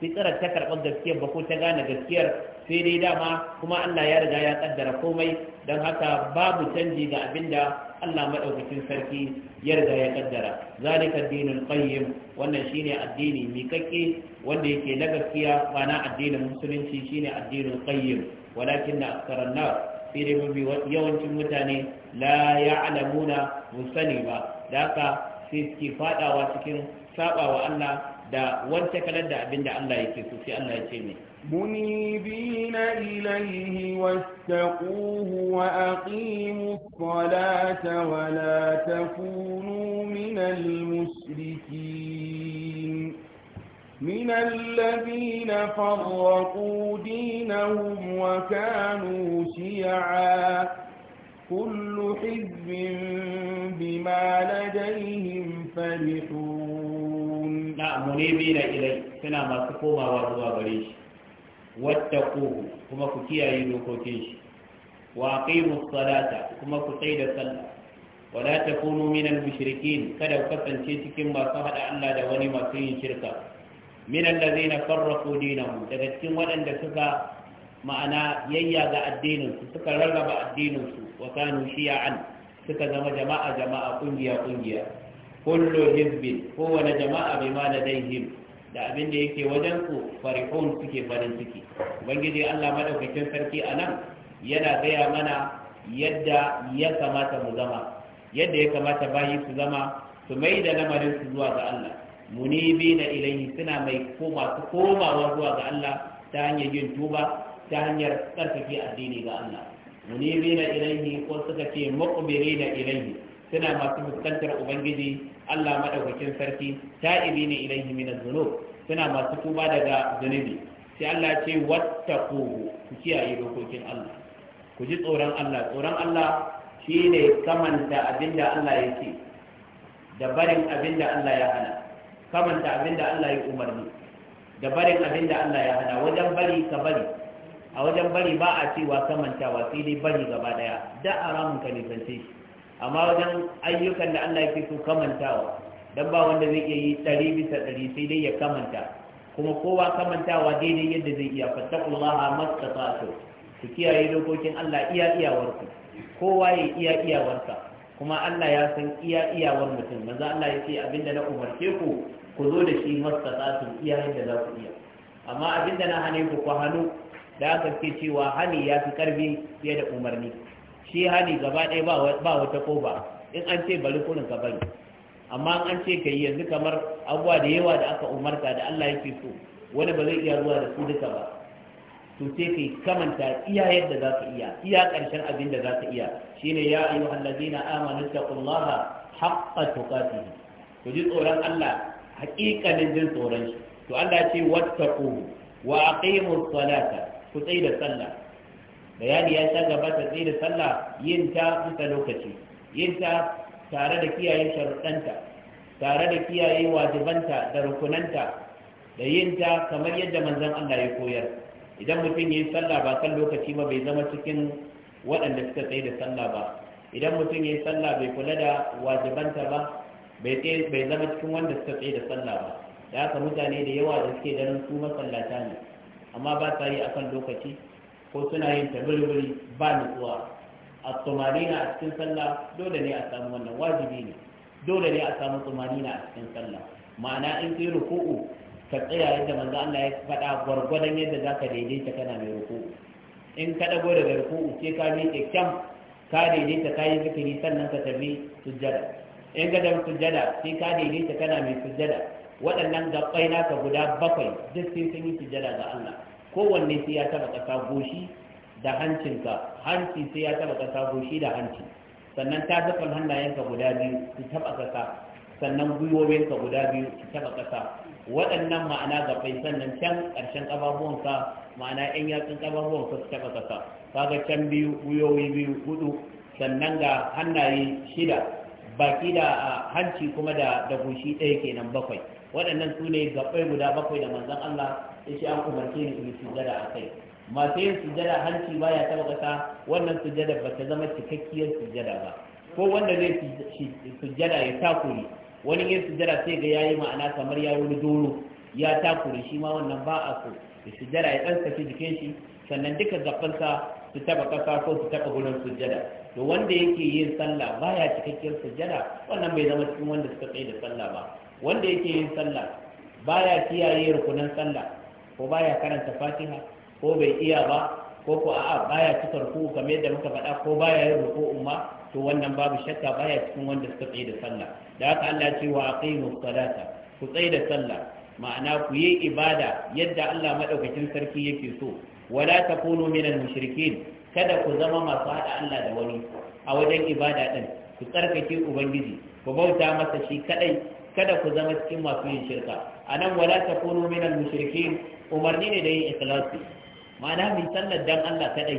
fitsarar ta karɓar gaskiyar ba ko ta gane gaskiyar sai dai dama kuma Allah ya riga ya kaddara komai don haka babu canji ga abinda Allah maɗaukacin sarki ya riga ya kaddara zalika addinin qayyim wannan shine addini mikakke wanda yake na gaskiya ba na addinin musulunci shine addinin qayyim walakin na aksaran nas sai dai mafi yawancin mutane la ya'lamuna musani ba da haka sai suke fadawa cikin sabawa Allah da wancan kalar da abinda Allah yake so sai Allah ya ce mai منيبين إليه واتقوه وأقيموا الصلاة ولا تكونوا من المشركين من الذين فرقوا دينهم وكانوا شيعا كل حزب بما لديهم فرحون نعم منيبين إليه سنة ما تقوم بريش wattaquhu kuma ku kiyaye dokokin shi wa aqimus salata kuma ku tsaya da sallah wala takunu minal mushrikin kada ku kasance cikin masu hada Allah da wani masu yin shirka min allazina farraqu dinahum daga cikin waɗanda suka ma'ana yayya ga addinin su suka rarraba addinin su wa kanu shi'an suka zama jama'a jama'a kungiya kungiya kullu hizbin kowane jama'a bima ladaihim da abin da yake wajen ku farihun suke farin ciki ubangiji Allah madaukakin sarki a nan yana gaya mana yadda ya kamata mu zama yadda ya kamata bayi su zama su mai da lamarin su zuwa ga Allah munibi na ilahi suna mai koma su komawa zuwa ga Allah ta hanyar yin tuba ta hanyar tsarkake addini ga Allah munibi na ilahi ko suka ce muqbiri na ilahi suna masu fuskantar ubangiji Allah madaukakin sarki ne ilaihi min adh-dhunub suna masu tuba daga zunubi sai Allah ce wattaqu ku kiyaye dokokin Allah ku ji tsoron Allah tsoron Allah shine kamanta abinda Allah ya ce da barin abinda Allah ya hana kamanta abinda Allah ya umarni da barin abinda Allah ya hana wajen bari ka bari a wajen bari ba a cewa kamantawa sai dai bari gaba daya da aramun ka zance shi amma wajen ayyukan da Allah yake so kamantawa dan ba wanda zai iya yi ɗari bisa ɗari sai dai ya kamanta kuma kowa kamantawa daidai yadda zai iya fattakullaha mastata'tu ku kiyaye dokokin Allah iya iyawarku kowa ya iya iyawarsa kuma Allah ya san iya iyawar mutum manzo Allah ya abinda na umarce ku ku zo da shi mastata'tu iya yadda za ku iya amma abinda na hane ku ku hannu da aka ce cewa hani ya fi karfi fiye da umarni shi hali gaba ɗaya ba wata ƙofa in an ce bari kurin ka bari amma an ce ka yi yanzu kamar abubuwa da yawa da aka umarta da Allah yake so wani ba zai iya zuwa da su duka ba to sai kai kamanta iya yadda za ka iya iya ƙarshen abin da za ka iya shine ya ayu allazina amanu taqullaha haqqa tuqatih to ji tsoron Allah haƙiƙanin jin tsoron shi to Allah ce wattaquhu wa aqimus salata ku tsai da sallah bayani ya sha gabata tsaye da sallah yin ta kusa lokaci yin ta tare da kiyaye sharuɗanta tare da kiyaye wajibanta da rukunanta da yin ta kamar yadda manzon Allah ya koyar idan mutum ya yi sallah ba kan lokaci ba bai zama cikin waɗanda suka tsaye da sallah ba idan mutum ya yi sallah bai kula da wajibanta ba bai zama cikin wanda suka tsaye da sallah ba da haka mutane da yawa da suke ganin su masallata ne amma ba sa yi akan lokaci ko suna yin tabirwuri ba nutsuwa a tsumanina a cikin sallah dole ne a samu wannan wajibi ne dole ne a samu tsumanina a cikin sallah ma'ana in kai ruku'u ka tsaya yadda manzo Allah ya faɗa gwargwadon yadda zaka daidaita kana mai ruku'u in ka dago daga ruku'u sai ka miƙe kyam ka daidaita ka yi zikiri sannan ka tafi sujjada in ka tafi sujjada sai ka daidaita kana mai sujjada waɗannan gabbai naka guda bakwai duk sai sun yi sujjada ga Allah kowanne sai ya taba kasa goshi da hancinka hanci sai ya taba kasa goshi da hanci sannan ta zafin hannayenka guda biyu su taba kasa sannan gwiwowinka guda biyu su taba kasa waɗannan ma'ana gabai sannan can ƙarshen ƙafafuwanka ma'ana yan yatsun ƙafafuwanka su taba kasa kaga can biyu gwiwowi biyu hudu sannan ga hannaye shida baki da hanci kuma da goshi ɗaya kenan bakwai waɗannan su ne gaɓɓai guda bakwai da manzon Allah shi an umarce ni in sujada a kai masu yin sujada hanci baya taba kasa wannan sujada ba ta zama cikakkiyar sujada ba ko wanda zai sujada ya takuri wani yin sujada sai ga yayi ma'ana kamar ya wani doro ya takuri shi ma wannan ba a so ya sujada ya dan saki jikin shi sannan duka gabansa su taba kasa ko su taba gurin sujada to wanda yake yin sallah baya cikakkiyar sujada wannan bai zama cikin wanda suka tsaye da sallah ba wanda yake yin sallah baya kiyaye rukunan sallah ko baya karanta fatiha ko bai iya ba ko ko a'a baya cika ruku kamar yadda muka faɗa ko baya yin ruku umma to wannan babu shakka baya cikin wanda suka tsaye da sallah da haka Allah ya ce wa aqimu salata ku tsaye da sallah ma'ana ku yi ibada yadda Allah madaukakin sarki yake so wala takunu minal mushrikin kada ku zama masu hada Allah da wani a wajen ibada din ku tsarkake ubangiji ku bauta masa shi kadai kada ku zama cikin masu yin shirka A nan wala ta takunu minal mushrikin umarni ne da yin ikhlasi ma'ana mai sallar dan Allah kadai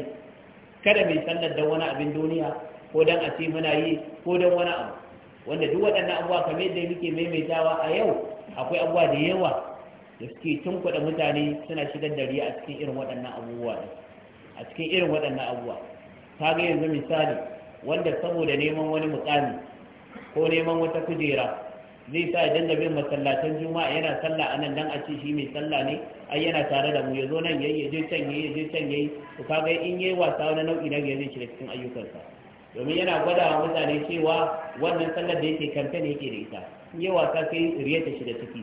kada mai sallar dan wani abin duniya ko dan a ce muna yi ko dan wani abu wanda duk waɗannan abubuwa kamar yadda muke maimaitawa a yau akwai abubuwa da yawa da suke tun kuɗa mutane suna shigar da riya a cikin irin waɗannan abubuwa a cikin irin waɗannan abubuwa ta ga yanzu misali wanda saboda neman wani mukami ko neman wata kujera zai sa idan da bin masallatan juma'a yana sallah anan nan dan a ce shi mai sallah ne ai yana tare da mu yazo nan yayi yaje je can yayi yaje can yayi to kaga in yayi wasa wani nau'i na biyar shi cikin ayyukansa domin yana gwada wa mutane cewa wannan sallar da yake kanta ne yake da ita in yayi wasa sai riyata shi da ciki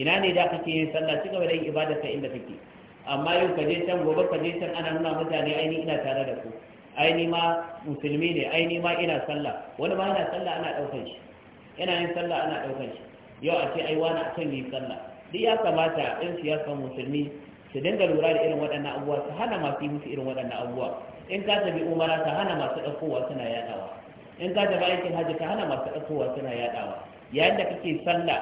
ina ne da kake yin sallah ci gaba da yin ka inda kake amma yau ka je can gobe ka je can ana nuna mutane ai ni ina tare da ku ai ni ma musulmi ne ai ni ma ina sallah wani ma yana sallah ana ɗaukar shi yana yin sallah ana ɗaukan shi yau a ce ai wani can yi sallah duk ya kamata ɗin siyasa musulmi su dinga lura da irin waɗannan abubuwa su hana masu yi musu irin waɗannan abubuwa in ka tafi umara ka hana masu ɗaukowa suna yaɗawa in ka tafi aikin hajji ka hana masu ɗaukowa suna yaɗawa yayin da kake sallah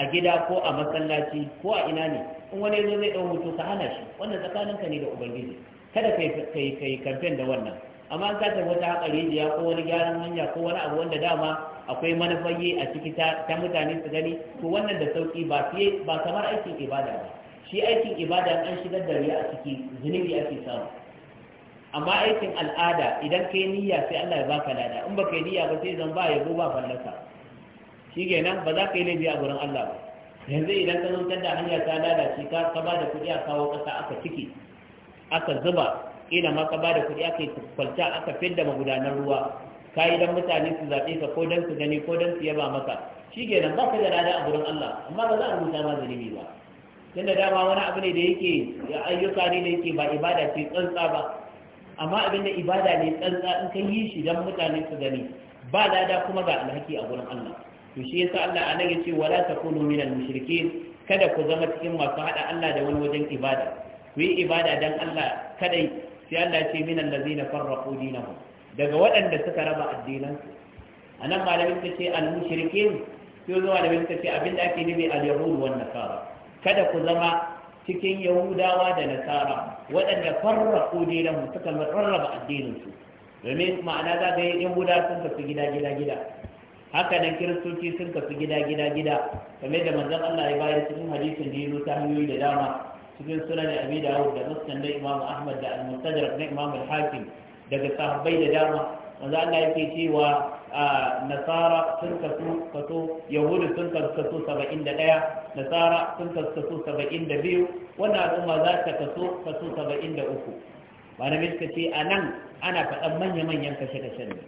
a gida ko a masallaci ko a ina ne in wani yazo zai ɗau hoto ka hana shi wannan tsakaninka ne da ubangiji kada ka yi kamfen da wannan amma an ka wata haƙa rijiya ko wani gyaran hanya ko wani abu wanda dama akwai manufayi a ciki ta mutane su gani to wannan da sauki ba fiye ba kamar aikin ibada ba shi aikin ibada an shigar da riya a ciki zunubi ake samu amma aikin al'ada idan kai niyya sai Allah ya baka lada in baka yi niyya ba sai zan ba ya ba fallasa shi kenan ba za ka yi laifi a gurin Allah ba yanzu idan ka zo da hanya ta lalace ka ka ba da kuɗi a kawo ƙasa aka ciki aka zuba ina ma ka ba da kuɗi aka yi kwalta aka fidda magudanar ruwa ka yi dan mutane su zaɓe ka ko don su gani ko don su yaba maka shi kenan ba ka da rada a gurin Allah amma ba za a rubuta ma zunubi ba tunda dama wani abu ne da yake ayyuka ne da yake ba ibada ce tsantsa ba amma abin da ibada ne tsantsa in ka yi shi dan mutane su gani ba lada kuma ga alhaki a gurin Allah to shi yasa Allah anan ya ce wala takunu minal mushrikeen kada ku zama cikin masu hada Allah da wani wajen ibada ku yi ibada dan Allah kadai sai Allah ce minal ladzina farraqu dinahum daga waɗanda suka raba addinansu a nan malamin ta ce al-mushrikin sai zuwa da bin ta ce abinda ake nufi al-yahud wan nasara kada ku zama cikin yahudawa da nasara waɗanda farraku dinanmu suka rarraba addininsu domin ma'ana za ka yi yahuda sun kasu gida gida gida haka nan kiristoci sun kafi gida gida gida game da manzon Allah ya bayar cikin hadisin da yaro ta hanyoyi da dama cikin sunan Abi Dawud da Musnad da Imam Ahmad da Al-Mustadrak na Imam Al-Hakim daga sahabbai da dama manzo Allah yake cewa nasara sun kasu kaso yahudu sun kasu saba'in da ɗaya nasara sun kasu saba'in da biyu wannan al'umma za ta kaso kaso saba'in da uku malamai suka ce a nan ana faɗan manya-manyan kashe kashe ne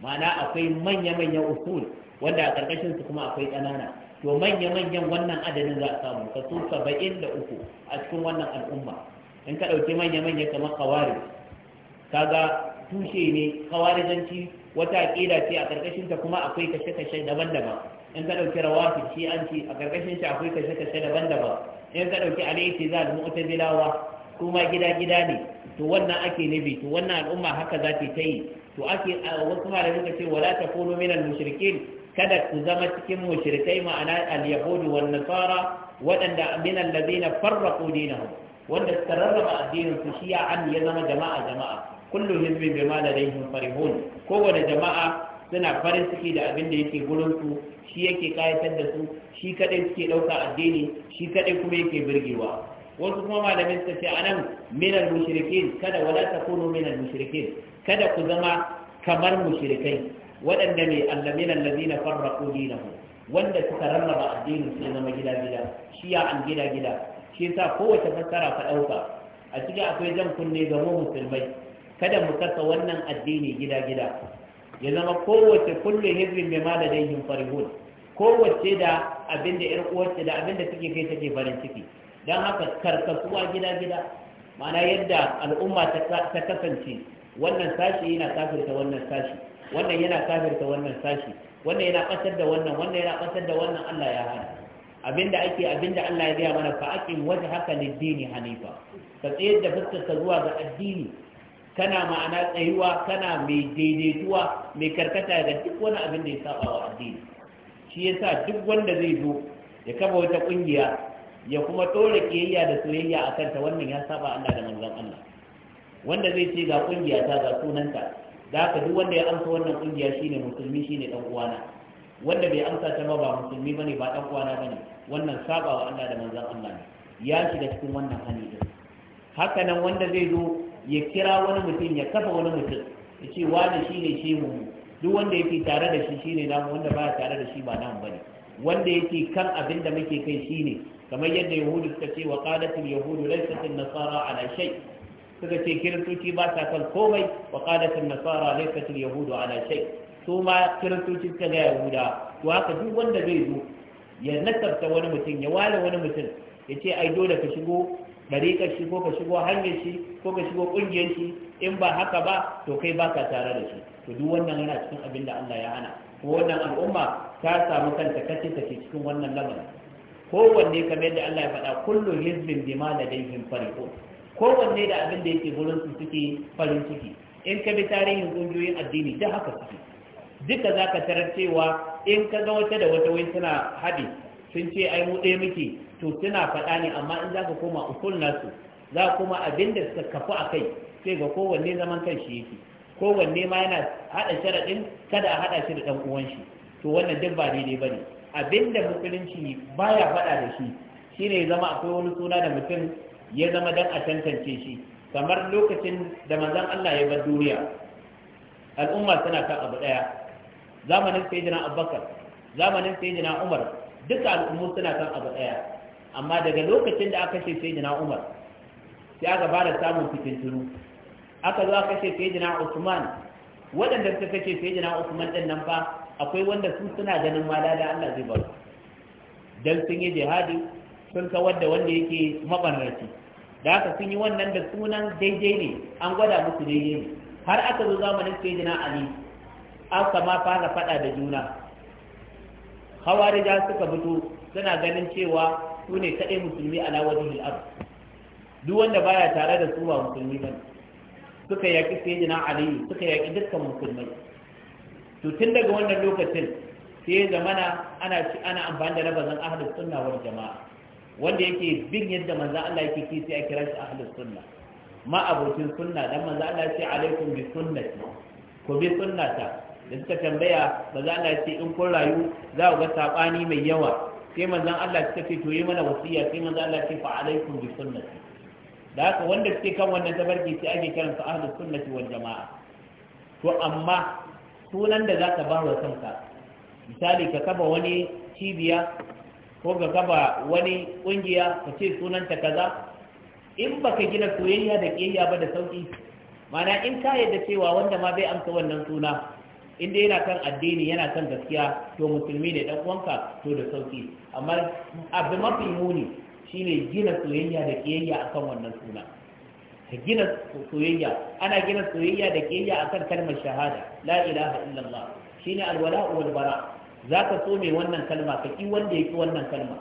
ma'ana akwai manya-manyan usul wanda a ƙarƙashin su kuma akwai ƙanana to manya-manyan wannan adadin za a samu kaso saba'in da uku a cikin wannan al'umma in ka ɗauki manya-manya kamar kawari kaga tushe ne kawarijanci wata aƙida ce a ƙarƙashin ta kuma akwai kashe-kashe daban-daban in ka ɗauki rawafi shi an ci a ƙarƙashin ta akwai kashe-kashe daban-daban in ka ɗauki alaiti za da mu'tazilawa kuma gida-gida ne to wannan ake nufi to wannan al'umma haka za ta ta yi to ake wasu malamai suka ce wala ta takunu minal mushrikin kada ku zama cikin mushrikai ma'ana al-yahudu wan nasara waɗanda minal ladina farraqu dinahum wanda suka rarraba addinin su shi'a an ya zama jama'a jama'a kullu hizbin bima ladayhim farihun kowane jama'a suna farin ciki da abin da yake gurin su shi yake kayatar da su shi kadai suke dauka addini shi kadai kuma yake birgewa wasu kuma malamin suka ce anan minal mushrikin kada wala takunu minal mushrikin kada ku zama kamar mushrikai waɗanda ne allamin allazina farraqu dinahum wanda suka rarraba addinin su zama gida gida ya an gida gida shi yasa kowace fassara ka dauka a cikin akwai jan kunne ga mu musulmai kada mu kasa wannan addini gida-gida ya zama kowace kullum hizbin bai ma da dangin farihun kowace da abin da yar uwarta da abin da suke kai take farin ciki don haka karkasuwa gida-gida ma'ana yadda al'umma ta kasance wannan sashi yana kafirta wannan sashi wannan yana kafirta wannan sashi wannan yana ɓatar da wannan wannan yana ɓatar da wannan Allah ya hana abinda ake abinda Allah ya gaya mana fa aqim wajhaka lid-dini hanifa ka tsayar da fuskarka zuwa ga addini kana ma'ana tsayuwa kana mai daidaituwa mai karkata ga duk wani abin da ya saba wa addini shi ya sa duk wanda zai zo ya kafa wata kungiya ya kuma ɗora kiyayya da soyayya a kanta wannan ya saba Allah da manzon Allah wanda zai ce ga kungiya ta ga sunanta da ka duk wanda ya amsa wannan kungiya shine musulmi shine dan uwana wanda bai amsa ta ba ba musulmi bane ba dan uwana bane wannan saba wa Allah da manzon Allah ne ya shiga cikin wannan hani din haka nan wanda zai zo ya kira wani mutum ya kafa wani mutum ya ce wani shi ne shehu mu duk wanda yake tare da shi shi ne namu wanda baya tare da shi ba namu bane wanda yake kan abin da muke kai shi ne kamar yadda yahudu suka ce wa qalatul yahudu laysat an-nasara ala shay suka ce kiristoci ba ta kan komai wa qalatul nasara laysat yahudu ala shay su ma kiristoci suka ga yahuda to haka duk wanda zai zo ya nasarta wani mutum ya wale wani mutum ya ce ai dole ka shigo dariƙar shi ko ka shigo hanyar shi ko ka shigo ƙungiyar shi in ba haka ba to kai ba ka tare da shi to duk wannan yana cikin abin da Allah ya hana ko wannan al'umma ta samu kanta kace take cikin wannan lamarin Ko wanne kamar yadda Allah ya faɗa kullu hizbin bima ladayhim ko wanne da abin da yake gurin su suke farin ciki in ka bi tarihin kungiyoyin addini da haka suke duka za tarar cewa in ka ga wata da wata wai suna hadi sun ce ai mu ɗaya muke to suna faɗa ne amma in za ka koma ukul nasu za kuma abin da suka kafu a kai sai ga kowanne zaman kan shi yake kowanne ma yana haɗa sharaɗin kada a haɗa shi da ɗan uwan shi to wannan duk ba daidai ba ne abin da musulunci baya faɗa da shi shine zama akwai wani suna da mutum ya zama dan a tantance shi kamar lokacin da manzon Allah ya bar duniya al'umma suna kan abu daya zamanin sayyidina Abubakar zamanin sayyidina Umar duka al'ummu suna kan abu daya amma daga lokacin da aka ce sayyidina Umar sai aka ba da samun fitintunu aka zo aka ce jina Usman waɗanda suka kace jina Usman din nan fa akwai wanda su suna ganin mala da Allah zai ba sun yi jihadi sun kawar da wanda yake mabarraci da aka sun yi wannan da sunan daidai ne an gwada musu daidai ne har aka zo zamanin jina Ali aka ma fara faɗa da juna hawarija suka fito suna ganin cewa sune ne kaɗai musulmi ala wajhil duk wanda baya tare da su ba musulmi ba suka yaki sayyidina ali suka yaƙi dukkan musulmai to tun daga wannan lokacin sai zamana ana ana amfani da rabazan ahlus sunna wal jamaa wanda yake bin yadda manzo Allah yake ki sai a kira shi ahlus sunna ma abokin sunna dan manzo Allah ya ce alaikum bi sunnati ko bi sunnata da suka tambaya manzo Allah ya ce in kun rayu za ku ga sabani mai yawa sai manzo Allah ya ce to yi mana wasiya sai manzo Allah ya ce fa alaikum bi sunnati da haka wanda suke kan wannan tabarki sai ake kiran su ahlus sunnati wal jama'a to amma sunan da zaka ba wa kanka misali ka kaba wani cibiya ko ka kaba wani kungiya ka ce sunan ta kaza in baka gina soyayya da kiyayya ba da sauki mana in ka yadda cewa wanda ma bai amsa wannan suna inda yana kan addini yana kan gaskiya to musulmi ne dan uwanka to da sauki amma abu mafi muni shine gina soyayya da kiyayya akan wannan suna ka gina soyayya ana gina soyayya da kiyayya akan kalmar shahada la ilaha illallah shine alwala wal bara zaka so mai wannan kalma ka ki wanda yake wannan kalma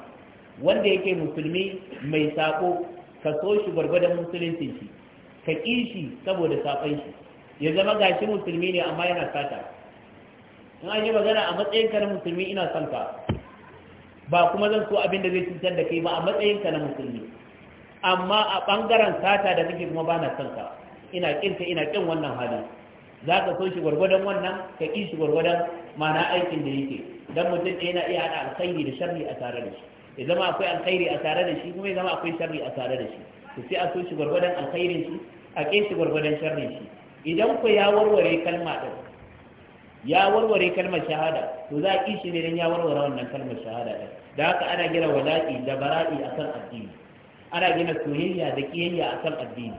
wanda yake musulmi mai saƙo, ka so shi gwargwadon musulunci shi ka ki shi saboda safai shi ya zama gashi musulmi ne amma yana sata in an yi magana a matsayin ka na musulmi ina son ba kuma zan so abin da zai cutar da kai ba a matsayinka na musulmi amma a ɓangaren sata da kake kuma ba na son ka ina ƙin ina kin wannan hali. za ka so shi gwargwadon wannan ka ƙi shi gwargwadon ma'ana aikin da yake dan mutum ɗaya na iya haɗa alkhairi da sharri a tare da shi ya zama akwai alkhairi a tare da shi kuma ya zama akwai sharri a tare da shi to sai a so shi gwargwadon alkhairin shi a ƙi shi gwargwadon sharrin shi idan ku ya warware kalma ɗin ya warware kalmar shahada to za a ki shi ne dan ya warware wannan kalmar shahada ɗin da haka ana gina wala'i da bara'i akan addini ana gina soyayya da ƙiyayya a addini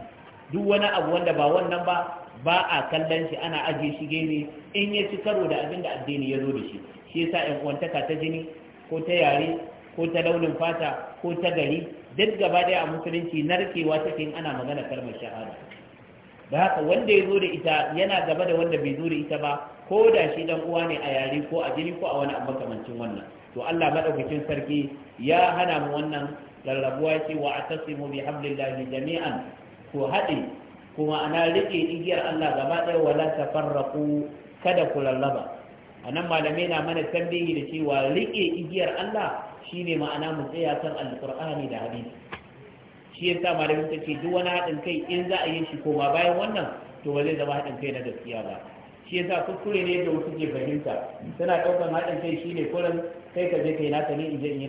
duk wani abu wanda ba wannan ba ba a kallon shi ana ajiye shi gene in ya ci karo da abin da addini ya zo da shi shi yasa ƴan uwantaka ta jini ko ta yare ko ta launin fata ko ta gari duk gaba ɗaya a musulunci narkewa take in ana magana kalmar shahada da haka wanda ya zo da ita yana gaba da wanda bai zo da ita ba ko da shi dan uwa ne a yare ko a jini ko a wani abu kamancin wannan to Allah madaukakin sarki ya hana mu wannan rarrabuwa yace wa atasimu bi hablillahi jami'an ko haɗe kuma ana rike igiyar Allah gaba ɗaya wala tafarraqu kada ku lallaba anan malamai na mana tambayi da cewa rike igiyar Allah shine ma'ana mu tsaya kan alqur'ani da hadisi shi yasa malamai ta ce duk wani haɗin kai in za a yi shi koma bayan wannan to ba zai zama haɗin kai na gaskiya ba shi yasa kuskure ne da wasu ke fahimta suna ɗaukar haɗin kai shi ne kurin kai ka je kai naka ne in je in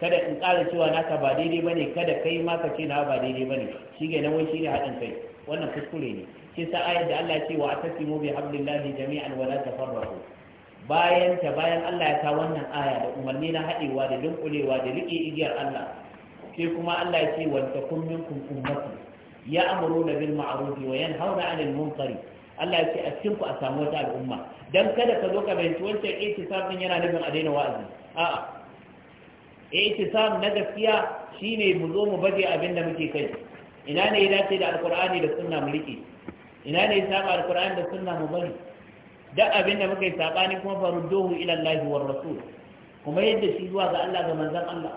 kada in ƙara cewa naka ba daidai ba ne kada kai ma ka ce na ba daidai ba ne shi ke nan shi ne haɗin kai wannan kuskure ne shi sa ayar da Allah ce wa a tafi mu bi hablillahi jami'an wa la tafarraqu bayan ta bayan Allah ya ta wannan aya da umarni na haɗewa da dunƙulewa da riƙe igiyar Allah sai kuma Allah ya ce wa Ya minkum ummati ya'muruna bil ma'ruf wa yanhauna 'anil munkari Allah ya ce a cikin ku a samu wata al'umma dan kada ka zo ka bayyana wancan ittisab din yana nufin a daina wa'azi a'a ittisab na gaskiya shine mu zo mu baje abin da muke kai ina ne ya dace da alqur'ani da sunna mu rike ina ne ya saba alqur'ani da sunna mu bari da abin da muke sabani kuma farudduhu ila Allah war rasul kuma yadda shi zuwa ga Allah ga manzon Allah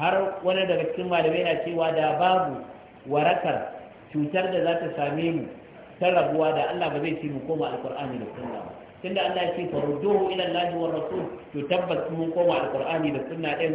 har wani daga cikin malamai na cewa da babu warakar cutar da za ta same mu ta rabuwa da Allah ba zai ci mu koma alkur'ani da sunna ba tunda Allah ya ce farudduhu ila Allah wa rasul to tabbas mun koma alkur'ani da sunna din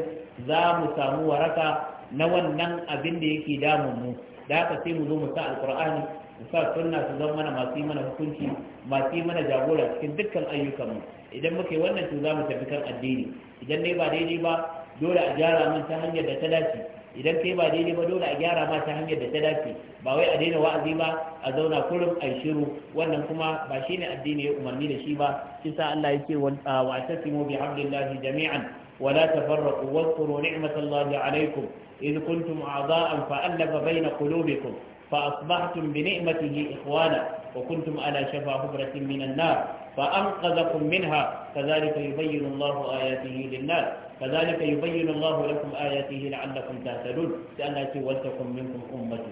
za mu samu waraka na wannan abin da yake damun mu da haka sai mu zo mu sa alkur'ani mu sa sunna su zama mana masu yi mana hukunci masu yi mana jagora cikin dukkan ayyukanmu idan muke wannan to za mu tafi kan addini idan dai ba daidai ba dole a gyara mun ta hanyar da ta dace idan kai ba daidai ba dole a gyara ba ta hanyar da ta dace ba wai a daina wa'azi ba a zauna kurum a shiru wannan kuma ba shine addini ya umarni da shi ba shi sa Allah yake wa atasimu bi hablillahi jami'an wa la tafarraqu wa zkuru ni'matallahi alaykum id kuntum a'dha'an fa alafa bayna qulubikum fa asbahtum bi ni'matihi ikhwana wa kuntum ala shafa hubratin min an-nar fa anqadhakum minha kadhalika yubayyinu Allahu ayatihi lin-nas كذلك يبين الله لكم آياته لعلكم تهتدون سألنا ولتكن منكم أمة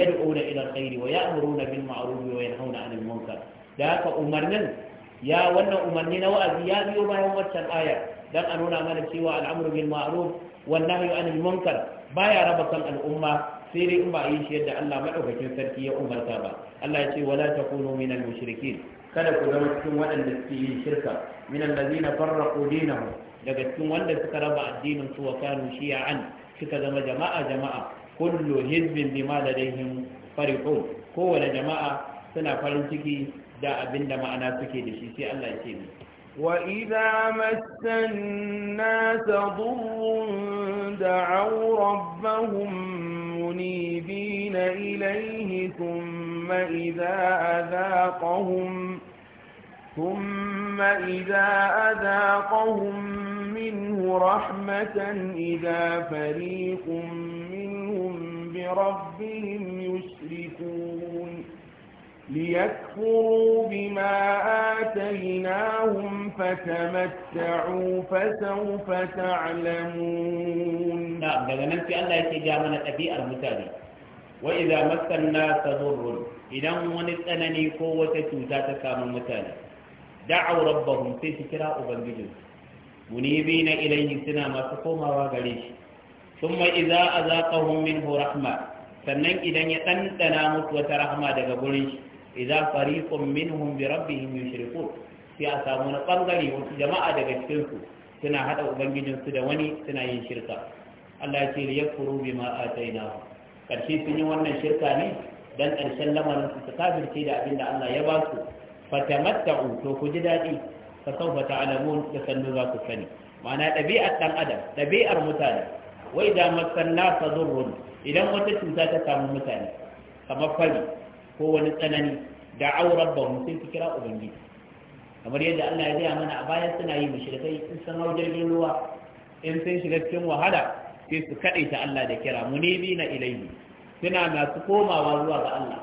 يدعون إلى الخير ويأمرون بالمعروف وينهون عن المنكر ذاك أمرنا يا ون أمرنا وأزياد يوم يوم الآية dan a nuna mana cewa al'amru bil ma'ruf wan nahyu anil munkar baya raba kan al'umma sai dai in ba yi shi yadda Allah madaukakin sarki ya umarta ba Allah ya ce wala takunu minal mushrikin kada ku zama cikin waɗanda suke yin shirka minal ladina daina dinahum daga cikin wanda suka raba addinin su wa kanu shiya'an suka zama jama'a jama'a kullu hizbin bima ladaihim farihun kowane jama'a suna farin ciki da abinda ma'ana suke da shi sai Allah ya ce mu وإذا مس الناس ضر دعوا ربهم منيبين إليه ثم إذا أذاقهم ثم إذا أذاقهم رحمة إذا فريق منهم بربهم يشركون ليكفروا بما آتيناهم فتمتعوا فسوف تعلمون نعم هذا ننسى أن لا يتجامن أبي المتالي وإذا مس الناس إذا من الأنني قوة توتاتك من المتالي دعوا ربهم في فكراء بنجلس munibina ilayhi suna masu komawa gare shi thumma idza azaqahum minhu rahma sannan idan ya dandana musu wata rahma daga gurin shi idza fariqun minhum bi rabbihim yushrikun sai a samu na bangare wasu jama'a daga cikin su suna hada ubangijin su da wani suna yin shirka Allah ya ce li yakfuru bima atainahu karshe sun yi wannan shirka ne dan karshen lamarin su su kafirce da abin da Allah ya ba su fatamatta'u to ku ji daɗi fa sawfa ta'lamun da sannu za ku sani ma'ana ɗabi'ar ɗan adam ɗabi'ar mutane wai da masanna fa zurrun idan wata cuta ta samu mutane kamar fari ko wani tsanani da auren ba sun fi kira ubangiji kamar yadda Allah ya gaya mana a baya suna yi kai, in san hau jirgin ruwa in sun shiga cikin wahala sai su kaɗaita Allah da kira nemi na ilaihi suna masu komawa zuwa ga Allah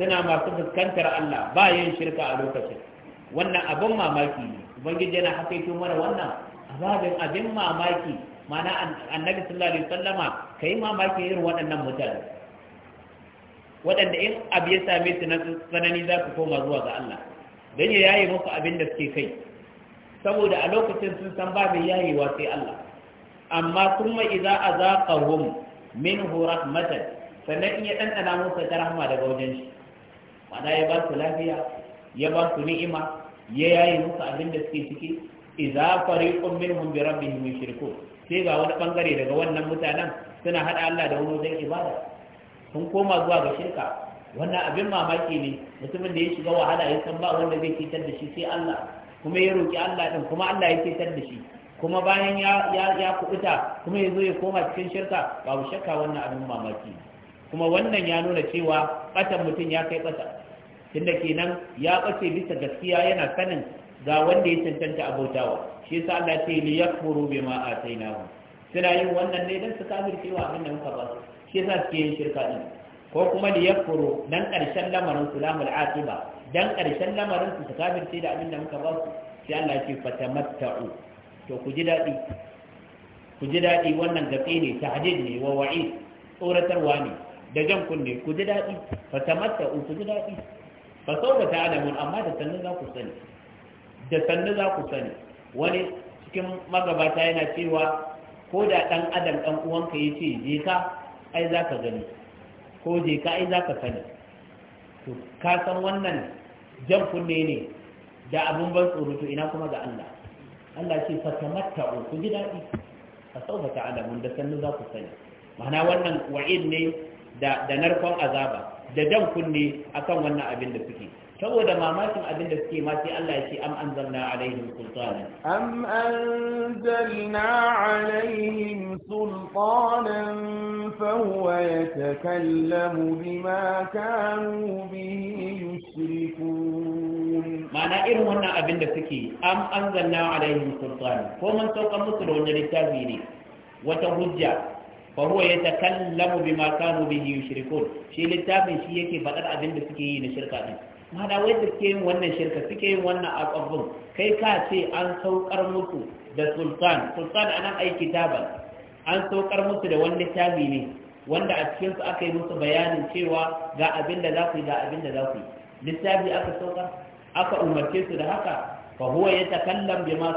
suna masu fuskantar Allah bayan shirka a lokacin wannan abin mamaki ne ubangiji yana hakaito mana wannan azabin abin mamaki mana annabi sallallahu alaihi wasallama kai mamaki irin waɗannan mutane waɗanda in abu ya same su na tsanani za ku koma zuwa ga Allah Dan ya yaye musu abin da suke kai saboda a lokacin sun san ba mai yayewa sai Allah amma sun mai iza a zaƙahum min rahmatan sannan in ya ɗanɗana musu ta rahama daga wajen shi ma'ana ya ba su lafiya ya ba su ni'ima ya yayi musu abin da suke ciki idza fariqun minhum bi rabbihim yushrikun sai ga wani bangare daga wannan mutanen suna hada Allah da wani wajen ibada sun koma zuwa ga shirka wannan abin mamaki ne mutumin da ya shiga wahala ya san ba wanda zai fitar da shi sai Allah kuma ya roki Allah din kuma Allah ya fitar da shi kuma bayan ya ya kubuta kuma ya zo ya koma cikin shirka babu shakka wannan abin mamaki kuma wannan ya nuna cewa batan mutum ya kai bata tunda kenan ya ɓace bisa gaskiya yana sanin ga wanda ya cancanta abautawa shi yasa Allah ya ce li yakfuru bima atainahu suna yin wannan ne dan su cewa abin da muka ba su shi yasa suke yin shirka din ko kuma li yakfuru dan karshen lamarin su lamul aqiba dan karshen lamarin su su kafirce da abin da muka ba su sai Allah ya ce fatamatta'u to ku ji dadi ku ji daɗi wannan gatsi ne tahdid ne wa wa'i tsoratarwa ne da jan kunne ku ji daɗi fa tamatta ku ji daɗi fa sauka ta alamun amma da sannu za ku sani da sannu za ku sani wani cikin magabata yana cewa ko da ɗan adam ɗan uwanka ya ce je ka ai za ka gani ko je ka ai za ka sani to ka san wannan jan kunne ne da abin ban tsoro to ina kuma ga Allah Allah ce fa tamatta'u ku ji daɗi fa sauka ta alamun da sannu za ku sani ma'ana wannan wa'id ne da narkon azaba da jan kunne akan wannan abin da suke saboda mamakin abin da suke ma sai Allah ya ce am anzalna alaihim sultanan am anzalna alaihim sultanan fa huwa yatakallamu bima kanu bihi yushrikun mana irin wannan abin da suke am anzalna alaihim sultanan ko mun sauka musu da wani littafi ne wata hujja fa huwa yatakallamu bima kanu bihi yushrikun shi littafin shi yake faɗar abinda da suke yi na shirka din mana wai suke yin wannan shirka suke yin wannan abin kai ka ce an saukar musu da sultan sultan anan ai kitaba an saukar musu da wani littafi ne wanda a cikinsu aka yi musu bayanin cewa ga abin da za ku yi ga abin za ku yi littafi aka saukar aka umarce su da haka fa bima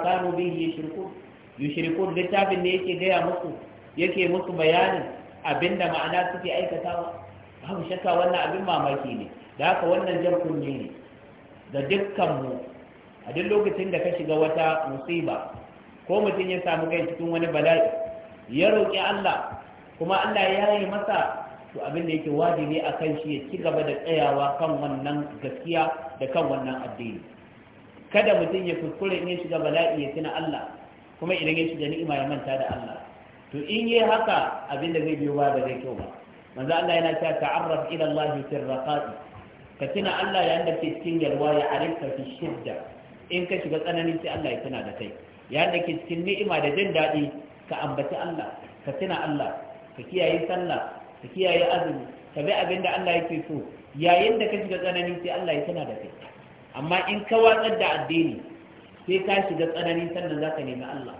littafin ne yake gaya musu yake musu bayanin abinda ma'ana suke aikatawa babu shakka wannan abin mamaki ne da haka wannan jan kunne ne da dukkanmu a duk lokacin da ka shiga wata musiba ko mutum ya samu kai cikin wani bala'i ya roƙi Allah kuma Allah ya yi masa to abin da yake wajibi a kan shi ya ci gaba da tsayawa kan wannan gaskiya da kan wannan addini kada mutum ya kuskure in ya shiga bala'i ya tuna Allah kuma idan ya shiga ni'ima ya manta da Allah to in yi haka abin da zai biyo ba da zai kyau ba manzo Allah yana cewa ta'arraf ila Allah fi raqati ka tuna Allah yayin da ke cikin yalwa ya arifka fi shidda in ka shiga tsanani sai Allah ya tuna da kai yayin da ke cikin ni'ima da jin daɗi ka ambaci Allah ka tuna Allah ka kiyaye sallah ka kiyaye azumi ka bi abin da Allah yake so yayin da ka shiga tsanani sai Allah ya tuna da kai amma in ka watsar da addini sai ka shiga tsanani sannan za ka nemi Allah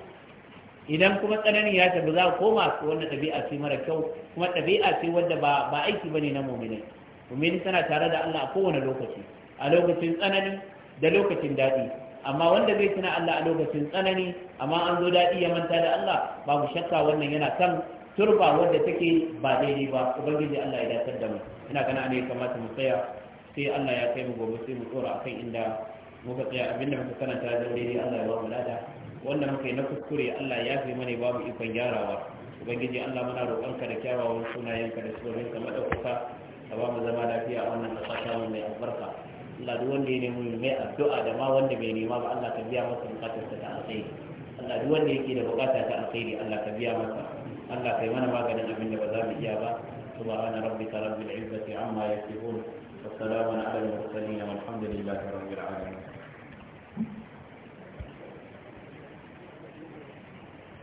idan kuma tsanani ya tafi za koma su wanda ɗabi'a ce mara kyau kuma ɗabi'a ce wadda ba ba ne na mu'mini mu'mini tana tare da Allah a kowane lokaci a lokacin tsanani da lokacin daɗi amma wanda bai tuna Allah a lokacin tsanani amma an zo daɗi ya manta da Allah babu shakka wannan yana kan turba wanda take ba daidai ba ubangiji Allah ya dace da mu ina gana ne kamata mu tsaya sai Allah ya kai mu gobe sai mu tsora akan inda muka tsaya abinda muka karanta da daidai Allah ya ba mu lada wannan muka yi na kuskure Allah ya fi mana babu ikon gyarawa ubangiji Allah muna roƙonka da kyawawan sunayenka da sunayenka madaukaka ka ba mu zama lafiya a wannan ƙasa mu mai albarka Allah duk wanda ya nemi mai addu'a da ma wanda bai nema ba Allah ka biya masa bukatarsa ta alkhairi Allah duk wanda yake da bukata ta alkhairi Allah ka biya masa Allah kai mana maganin abin da ba za mu iya ba subhana rabbika rabbil izzati amma yasifun wa salamun ala al mursalin walhamdulillahi rabbil alamin